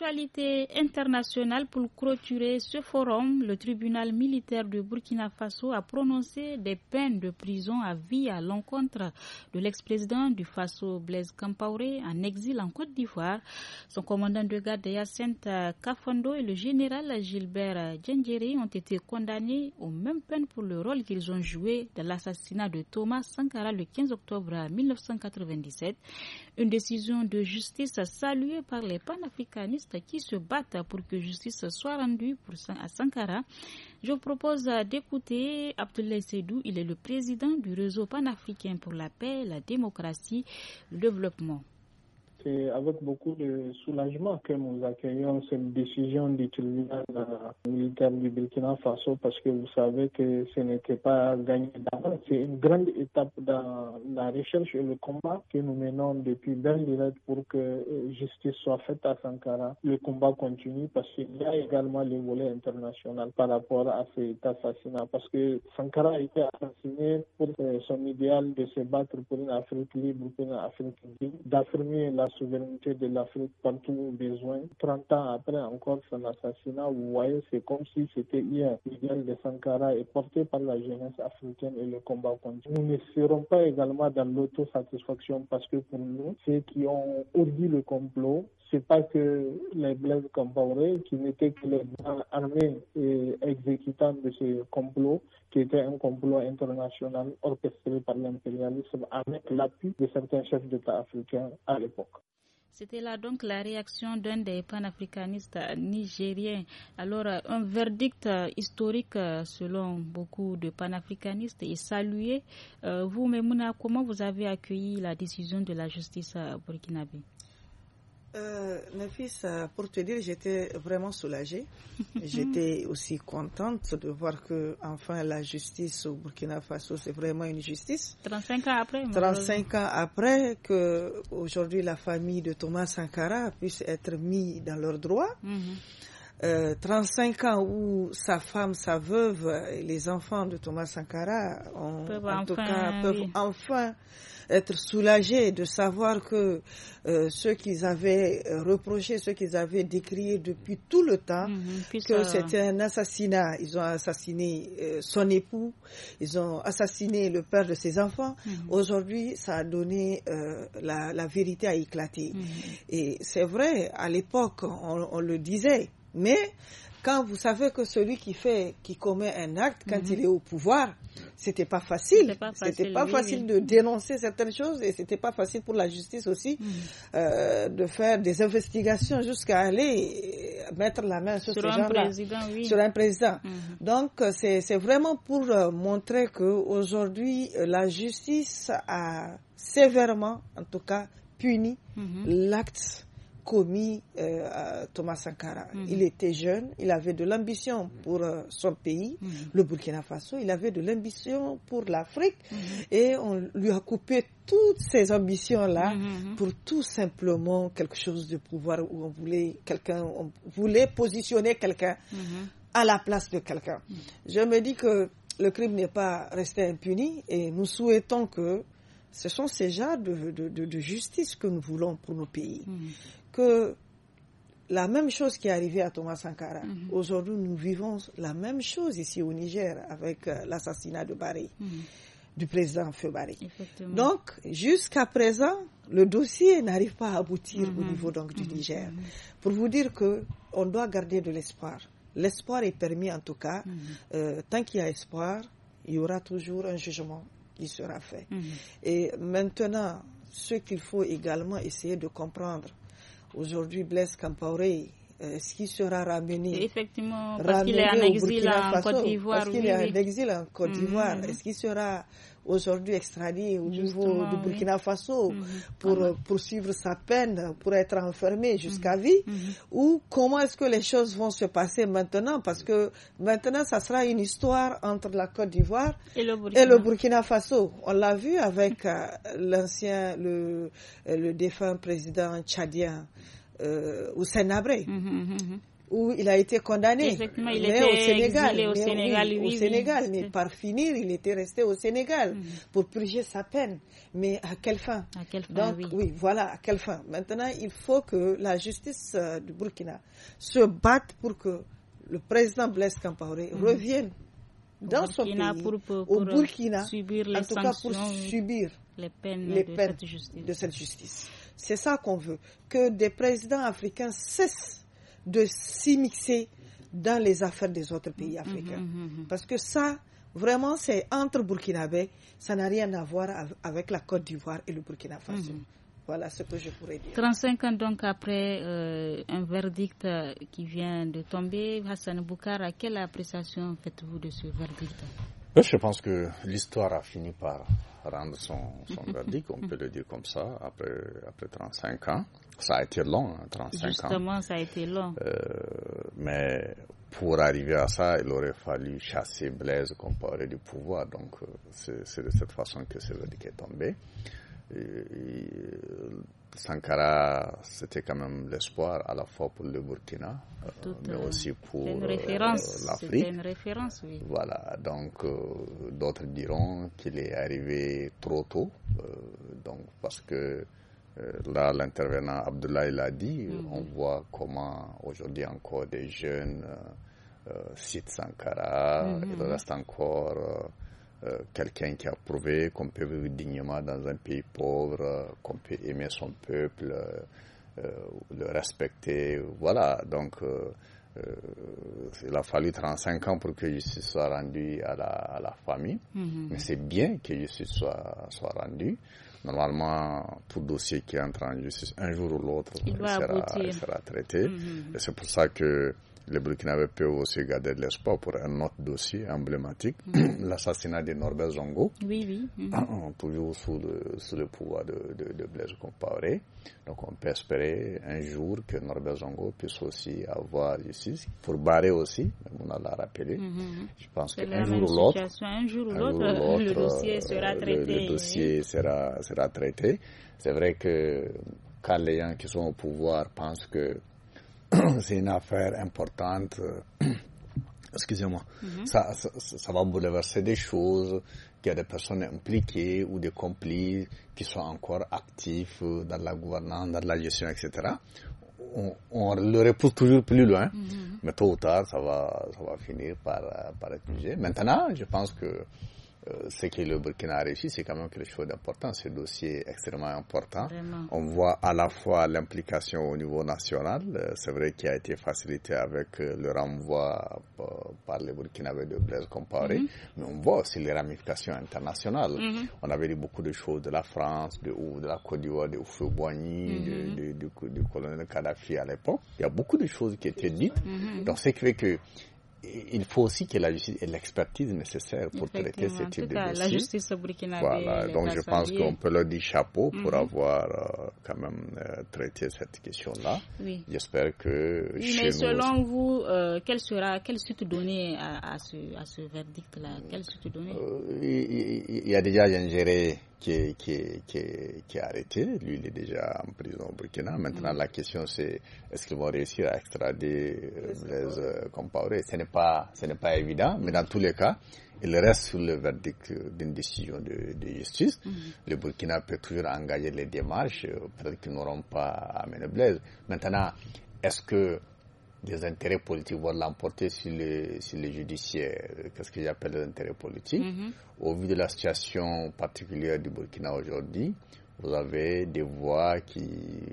Speaker 1: l'actualité internationale, pour clôturer ce forum, le tribunal militaire de Burkina Faso a prononcé des peines de prison à vie à l'encontre de l'ex-président du Faso Blaise Campaoré en exil en Côte d'Ivoire. Son commandant de garde Yassine Kafando, et le général Gilbert Djendjeri ont été condamnés aux mêmes peines pour le rôle qu'ils ont joué dans l'assassinat de Thomas Sankara le 15 octobre 1997. Une décision de justice saluée par les panafricanistes qui se battent pour que justice soit rendue à Sankara. Je vous propose d'écouter Abdoulaye Sédou. Il est le président du réseau panafricain pour la paix, la démocratie, le développement.
Speaker 5: C'est avec beaucoup de soulagement que nous accueillons cette décision du tribunal euh, militaire du Burkina Faso parce que vous savez que ce n'était pas gagné d'avance. C'est une grande étape dans la recherche et le combat que nous menons depuis minutes pour que euh, justice soit faite à Sankara. Le combat continue parce qu'il y a également le volet international par rapport à cet assassinat parce que Sankara a été assassiné pour euh, son idéal de se battre pour une Afrique libre, pour une Afrique d'affirmer la souveraineté de l'Afrique partout au besoin. 30 ans après encore son assassinat, vous voyez, c'est comme si c'était hier. L'idéal de Sankara est porté par la jeunesse africaine et le combat continue. Nous ne serons pas également dans l'autosatisfaction parce que pour nous, ceux qui ont oublié le complot, c'est pas que les Blaise Compaoré, qui n'étaient que les armées exécutantes et de ce complot, qui était un complot international orchestré par l'impérialisme avec l'appui de certains chefs d'État africains à l'époque.
Speaker 1: C'était là donc la réaction d'un des panafricanistes nigériens. Alors, un verdict historique selon beaucoup de panafricanistes est salué. Euh, vous, Memouna, comment vous avez accueilli la décision de la justice burkinabé
Speaker 2: euh, fils, pour te dire, j'étais vraiment soulagée. *laughs* j'étais aussi contente de voir que, enfin, la justice au Burkina Faso, c'est vraiment une justice.
Speaker 1: 35 ans après. 35
Speaker 2: ans après que, aujourd'hui, la famille de Thomas Sankara puisse être mise dans leurs droits. Mhm. 35 euh, ans où sa femme, sa veuve, les enfants de Thomas Sankara, ont, en enfin, tout cas, peuvent enfin être soulagés de savoir que euh, ce qu'ils avaient euh, reproché, ce qu'ils avaient décrié depuis tout le temps, mhm, que c'était un assassinat. Ils ont assassiné son époux, ils ont assassiné le père de ses enfants. Mhm. Aujourd'hui, ça a donné la, vérité à éclater. Mhm. Et c'est vrai, à l'époque, on le disait. Mais quand vous savez que celui qui fait, qui commet un acte, quand mhm. il est au pouvoir, c'était pas facile. C'était pas facile, pas facile de dénoncer certaines choses et c'était pas facile pour la justice aussi mhm. euh, de faire des investigations jusqu'à aller mettre la main sur, sur ces oui. sur un président. Mhm. Donc euh, c'est vraiment pour euh, montrer que aujourd'hui la justice a sévèrement, en tout cas, puni l'acte commis euh, Thomas Sankara. Mhm. Il était jeune, il avait de l'ambition pour euh, son pays, mhm. le Burkina Faso, il avait de l'ambition pour l'Afrique mhm. et on lui a coupé toutes ces ambitions-là pour tout simplement quelque chose de pouvoir où on voulait quelqu'un, on voulait positionner quelqu'un à la place de quelqu'un. Je me dis que le crime n'est pas resté impuni et nous souhaitons que ce sont ces gens de, justice que nous voulons pour nos pays. Mm. Que la même chose qui est arrivée à Thomas Sankara, mm. aujourd'hui nous vivons la même chose ici au Niger avec euh, l'assassinat de Barry, mm. du président Feu Donc, jusqu'à présent, le dossier n'arrive pas à aboutir au mm-hmm. niveau donc du mm-hmm. Niger. Mm-hmm. Pour vous dire que doit garder de l'espoir. L'espoir est permis en tout cas. Euh, tant qu'il y a espoir, il y aura toujours un jugement sera fait. Mhm. Et maintenant, ce qu'il faut également essayer de comprendre, aujourd'hui, Blaise Campaoré, est euh, ce qu'il sera ramené.
Speaker 1: Effectivement, parce qu'il est en exil en Côte d'Ivoire. Parce qu'il est en
Speaker 2: exil en Côte d'Ivoire. Est-ce qu'il sera aujourd'hui extradé au niveau du Burkina Faso mhm. pour euh, poursuivre sa peine, pour être enfermé jusqu'à mhm. vie mhm. Ou comment est-ce que les choses vont se passer maintenant Parce que maintenant, ça sera une histoire entre la Côte d'Ivoire
Speaker 1: et, le
Speaker 2: Burkina Faso. On l'a vu avec euh, l'ancien, le, le défunt président tchadien. Euh, au Senabré. Mhm, mhm, mhm. Où il a été condamné. il mais était au Sénégal. au Sénégal, par finir, il était resté au Sénégal pour purger sa peine. Mais à quelle fin À oui. voilà, à quelle fin. Maintenant, il faut que la justice euh, du Burkina se batte pour que le président Blaise Compaoré revienne dans son pays, au Burkina, en tout cas pour subir les peines, de cette justice. C'est ça qu'on veut, que des présidents africains cessent de s'immiscer dans les affaires des autres pays mhm, africains. Mhm, mhm, Parce que ça, vraiment, c'est entre Burkina Faso, ça n'a rien à voir avec la Côte d'Ivoire et le Burkina Faso. Voilà ce que je pourrais dire. 35
Speaker 1: ans donc après euh, un verdict euh, qui vient de tomber, Hassan Boukara, quelle appréciation faites-vous de ce verdict
Speaker 3: Je pense que l'histoire a fini par rendre son, son *laughs* verdict, on peut le dire comme ça, après, après 35 ans. Ça a été long, 35 hein, ans. Justement,
Speaker 1: ça a été
Speaker 5: long.
Speaker 3: Euh, mais pour arriver à ça, il aurait fallu chasser Blaise comparé du pouvoir. Donc, euh, c'est de cette façon que ce verdict est tombé. et, euh, Sankara, c'était quand même l'espoir à la fois pour le Burkina, euh, mais euh, aussi pour euh, l'Afrique. une référence, oui. Voilà, donc d'autres diront qu'il est arrivé trop tôt, donc parce que là, l'intervenant Abdoulaye l'a dit, mhm. on voit comment aujourd'hui encore des jeunes citent Sankara, il mhm. reste encore euh, quelqu'un qui a prouvé qu'on peut vivre dignement dans un pays pauvre, qu'on peut aimer son peuple, euh, euh, le respecter. Voilà, donc il a fallu 35 ans pour que justice soit rendue à la, famille,
Speaker 4: mhm. mais c'est
Speaker 3: bien que justice soit, soit rendue normalement, tout dossier qui entre en justice, un jour ou l'autre, il, sera, sera traité. Mhm. c'est pour ça que les Faso peut aussi garder de l'espoir pour un autre dossier emblématique, mm. *clears throat* l'assassinat de Norbert Zongo, oui, oui. Mm. Ah, ah, toujours sous le, pouvoir de, de, de, Blaise Compaoré. Donc on peut espérer un jour que Norbert Zongo puisse aussi avoir justice, pour barrer aussi, on l'a rappelé. Mm-hmm, mm-hmm. Je pense qu'un jour ou l'autre, le dossier sera traité. sera traité. C'est vrai que quand les gens qui sont au pouvoir pensent que *clears throat* c'est une affaire importante. *clears throat* Excusez-moi. Mm-hmm. ça, ça, va bouleverser des choses. Il y a des personnes impliquées ou des complices qui sont encore actifs dans la gouvernance, dans la gestion, etc. On, on le repousse toujours plus loin, mm-hmm. mais tôt ou tard, ça va, ça va finir par, par être jugé. Maintenant, je pense que euh, ce que le Burkina a c'est quand même quelque chose d'important. Ce dossier extrêmement important. On voit à la fois l'implication au niveau national, euh, c'est vrai qu'il a été facilité avec euh, le renvoi par les Burkinabés de Blaise Comparé, mhm. mais on voit aussi les ramifications internationales. Mhm. On avait dit beaucoup de choses de la France, de, de la Côte d'Ivoire, de Oufou Boigny, mhm. du, colonel Kadhafi à l'époque. Il y a beaucoup de choses qui étaient dites. Donc, c'est que il faut aussi que la justice ait l'expertise nécessaire pour traiter ce type de dossier. La justice voilà, donc je pense qu'on peut leur dire chapeau pour mhm. avoir euh, quand même euh, traité cette question-là. J'espère que Mais selon
Speaker 1: vous, euh, quelle sera, quelle suite donner à, ce, à ce verdict-là
Speaker 3: Quelle suite donner Il y, a déjà ingéré qui est, qui, arrêté. Lui, il est déjà en prison au Burkina. Maintenant, mm. la question, c'est est-ce qu'ils vont réussir à extrader Blaise euh, euh Compaoré Ce n'est pas, ce n'est pas évident, mais dans tous les cas, il reste sur le verdict euh, d'une décision de, justice. Mm. Le Burkina peut toujours engager les démarches. Euh, peut-être qu'ils n'auront pas amené Blaise. Maintenant, est-ce que des intérêts politiques vont l'emporter sur le, sur le judiciaire, qu'est-ce que j'appelle les intérêts politiques. Mm-hmm. Au vu de la situation particulière du Burkina aujourd'hui, vous avez des voix qui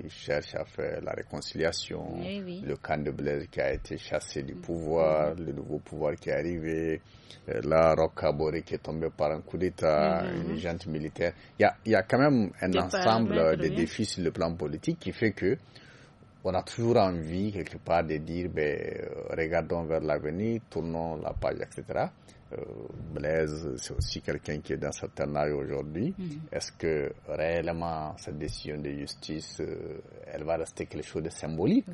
Speaker 3: cherchent à faire la réconciliation, eh le camp de Blaise qui a été chassé du mm-hmm. pouvoir, le nouveau pouvoir qui est arrivé, euh, la Rocabore qui est tombée par un coup d'État, mm-hmm. une junte militaire. Il y, a, il y a, quand même un ensemble de défis sur le plan politique qui fait que on a toujours envie, quelque part, de dire, ben, euh, regardons vers l'avenir, tournons la page, etc. Euh, Blaise, c'est aussi quelqu'un qui est dans certain âge aujourd'hui. Mm. Est-ce que réellement cette décision de justice, euh, elle va rester quelque chose de symbolique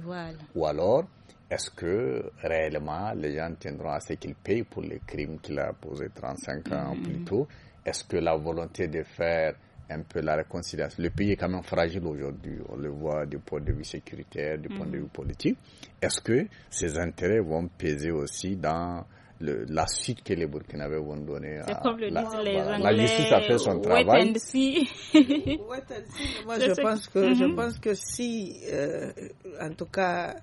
Speaker 3: Ou alors, est-ce que réellement les gens tiendront à ce qu'ils payent pour les crimes qu'il a posés 35 ans mm. plus tôt Est-ce que la volonté de faire un peu la réconciliation. Le pays est quand même fragile aujourd'hui. On le voit du point de vue sécuritaire, du point de mhm. vue politique. Est-ce que ces intérêts vont peser aussi dans la suite que les Burkinabés vont donner
Speaker 2: à le la, les Anglais, la justice
Speaker 1: a fait son travail. Moi, je mhm. pense
Speaker 2: que si, euh, en tout cas,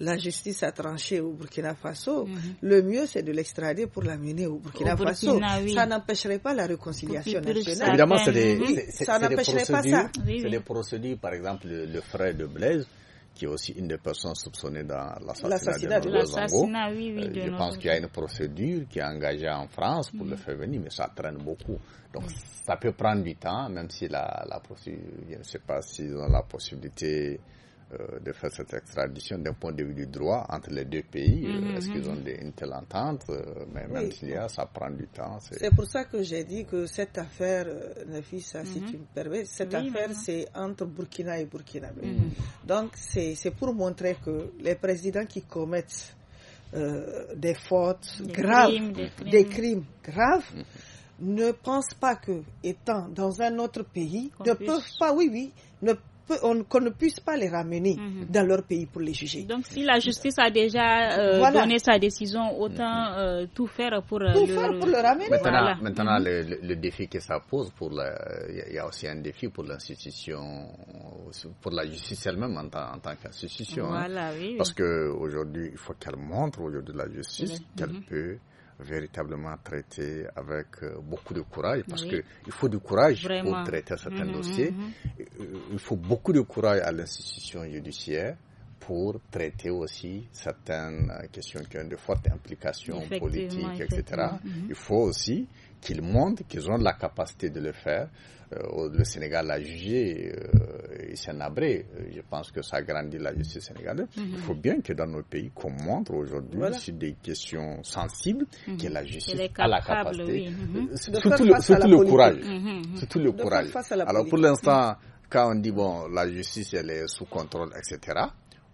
Speaker 2: la justice a tranché au Burkina Faso, mhm. le mieux c'est de l'extrader pour l'amener au Burkina, Faso. Ça n'empêcherait pas la réconciliation nationale. Évidemment, c'est des, ça n'empêcherait pas ça. C'est
Speaker 3: des procédures, par exemple, le, le frère de Blaise qui est aussi une des personnes soupçonnées dans l'assassinat euh, de, je pense qu'il y a une procédure qui est engagée en France pour le mm. faire venir, mais ça traîne beaucoup. Donc ça peut prendre du temps, même si la, la procédure, je ne sais pas s'ils ont la possibilité euh, de faire cette extradition d'un point de vue du droit entre les deux pays. Mm-hmm, euh, est-ce qu'ils ont mm-hmm. une telle entente euh, Mais même s'il ça prend du temps. C'est pour
Speaker 2: ça que j'ai dit que cette affaire, le si mm-hmm. tu me permets, cette affaire, c'est entre Burkina et Burkina Donc, c'est pour montrer que les présidents qui commettent des fautes graves, des, crimes. graves, ne pensent pas que, étant dans un autre pays, ne peuvent pas, oui, oui, ne qu'on ne puisse pas les ramener mhm. dans leur pays pour les juger. Donc
Speaker 1: si la justice a déjà euh, donné sa décision, autant euh, tout faire pour, euh, tout le... Faire pour ramener.
Speaker 3: Maintenant, maintenant mhm. le, défi que ça pose, pour il y a aussi un défi pour l'institution, pour la justice elle-même en, tant qu'institution. Hein.
Speaker 1: Voilà, oui, Parce
Speaker 3: qu'aujourd'hui, il faut qu'elle montre au lieu de la justice qu'elle mhm. peut véritablement traité avec euh, beaucoup de courage, parce que qu'il faut du courage pour traiter certains mm-hmm, dossiers. Mm-hmm. Euh, il faut beaucoup de courage à l'institution judiciaire pour traiter aussi certaines euh, questions qui ont de fortes implications politiques, etc. Mm-hmm. Il faut aussi qu'ils montrent qu'ils ont la capacité de le faire. Euh, le Sénégal a jugé euh, Issenabré. Euh, je pense que ça a grandi la justice sénégalaise. Mhm. Il faut bien que dans nos pays, qu'on montre aujourd'hui sur des questions sensibles mhm. que la justice a la capacité.
Speaker 4: C'est mhm. le, courage. le courage. Alors pour l'instant,
Speaker 3: quand on dit, bon, la justice, elle est sous contrôle, etc.,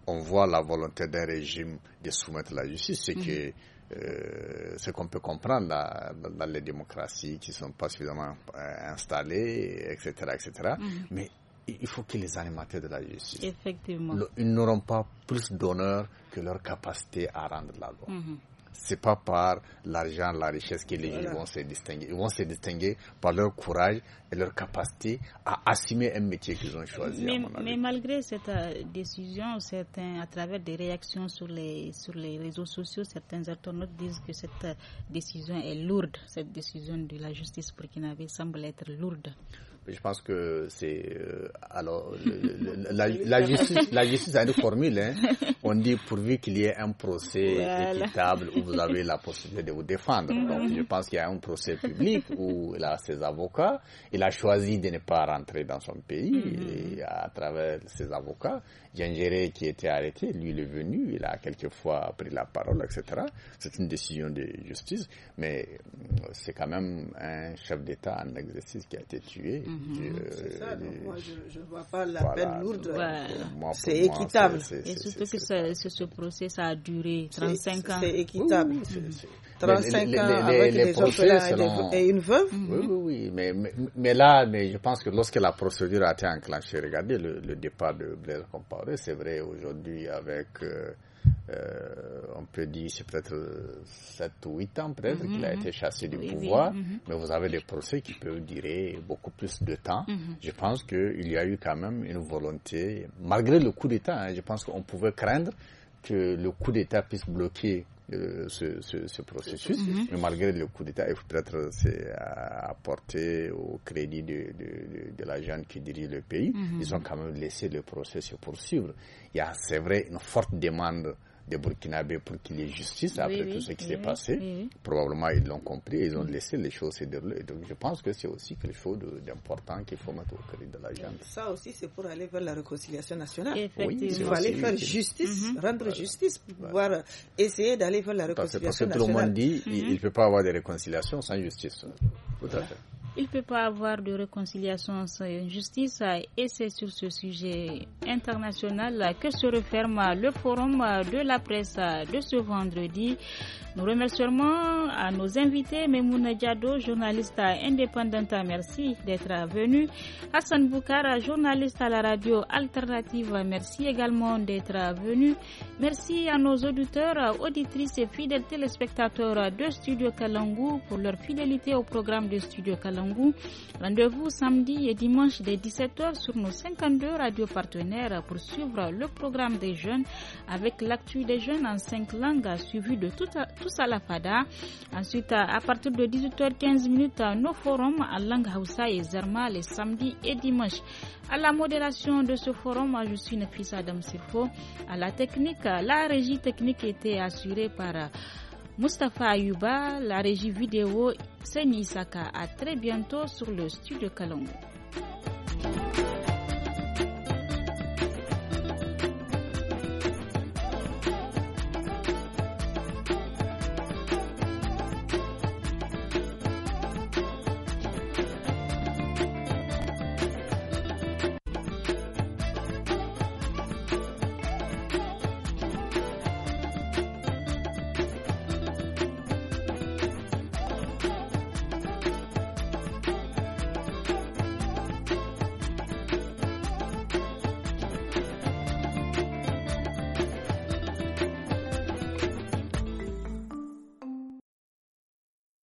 Speaker 3: on voit la volonté d'un régime de soumettre la justice. C'est que euh, ce qu'on peut comprendre dans les démocraties qui ne sont pas suffisamment euh, installées, etc. etc. Mm-hmm. Mais il faut que les animateurs de la justice, ils n'auront pas plus d'honneur que leur capacité à rendre la loi. Mm-hmm c'est pas par l'argent, la richesse que les gens vont se distinguer. Ils vont se distinguer par leur courage et leur capacité à assumer un métier qu'ils ont choisi. Mais,
Speaker 1: malgré cette euh, décision, certains, à travers des réactions sur les, sur les réseaux sociaux, certains internautes disent que cette euh, décision est lourde. Cette décision de la justice pour burkinabé semble être lourde
Speaker 3: je pense que c'est euh, alors la, justice, la justice a une formule. Hein. On dit pourvu qu'il y ait un procès équitable où vous avez la possibilité de vous défendre. Mm-hmm. Donc je pense qu'il y a un procès public où il a ses avocats. Il a choisi de ne pas rentrer dans son pays mm-hmm. et à travers ses avocats. Gengéré qui était arrêté, lui il est venu, il a quelquefois pris la parole, etc. C'est une décision de justice, mais euh, c'est quand même un chef d'État en exercice qui a été tué. Mhm. C'est euh, ça, donc
Speaker 2: moi je ne vois pas la peine lourde. C'est équitable. Et
Speaker 1: surtout que ce, ce, procès, ça a duré 35 ans. C'est équitable. Mhm. 35 ans avec des
Speaker 3: et une veuve. Oui, oui, oui. Mais, mais, là, mais je pense que lorsque la procédure a été enclenchée, regardez le, départ de Blaise Compaoré, c'est vrai aujourd'hui avec... Euh, euh, on peut dire c'est peut-être 7 euh, ou 8 ans peut-être mhm, qu'il a mhm. été chassé du pouvoir, mhm. mais vous avez des procès qui peuvent durer beaucoup plus de temps. Je pense qu'il y a eu quand même une volonté, malgré le coup d'État, hein, je pense qu'on pouvait craindre que le coup d'État puisse bloquer ce, eh, processus. Mais mhm. e malgré le coup d'État, peut-être eh, apporter au crédit de, de, la jeune qui dirige le pays. Mhm. Ils ont quand même laissé le processus poursuivre. Il y a, c'est vrai, une forte demande des Burkinabés pour qu'il y ait justice après tout ce qui s'est passé. Probablement, ils l'ont compris, ils ont laissé les choses se dérouler. Donc, je pense que c'est aussi quelque chose d'important qu'il faut mettre au cœur de l'agenda.
Speaker 2: Ça aussi, c'est pour aller vers la réconciliation nationale. Il faut aller faire justice, mhm. rendre justice, pour pouvoir essayer d'aller vers la réconciliation nationale. Parce que tout le monde dit,
Speaker 3: il ne mhm. peut pas avoir de réconciliation sans justice. Tout fait.
Speaker 1: Il ne peut pas avoir de réconciliation sans justice et c'est sur ce sujet international que se referme le forum de la presse de ce vendredi. Nous remercions à nos invités, Memouna Diado, journaliste indépendante, merci d'être venu. Hassan Boukara, journaliste à la radio alternative, merci également d'être venu. Merci à nos auditeurs, auditrices et fidèles téléspectateurs de Studio Kalangou pour leur fidélité au programme de Studio Kalangu. Rendez-vous samedi et dimanche dès 17h sur nos 52 radios partenaires pour suivre le programme des jeunes avec l'actu des jeunes en cinq langues suivi de tout, à, tous à la FADA. Ensuite, à partir de 18h15, nos forums en langue Hausa et Zerma les samedis et dimanche. À la modération de ce forum, je suis Nafisa Adam Sirfo. À la technique, la régie technique était assurée par Mustapha Ayuba, la régie vidéo Seni Isaka. À très bientôt sur le studio Kalongo.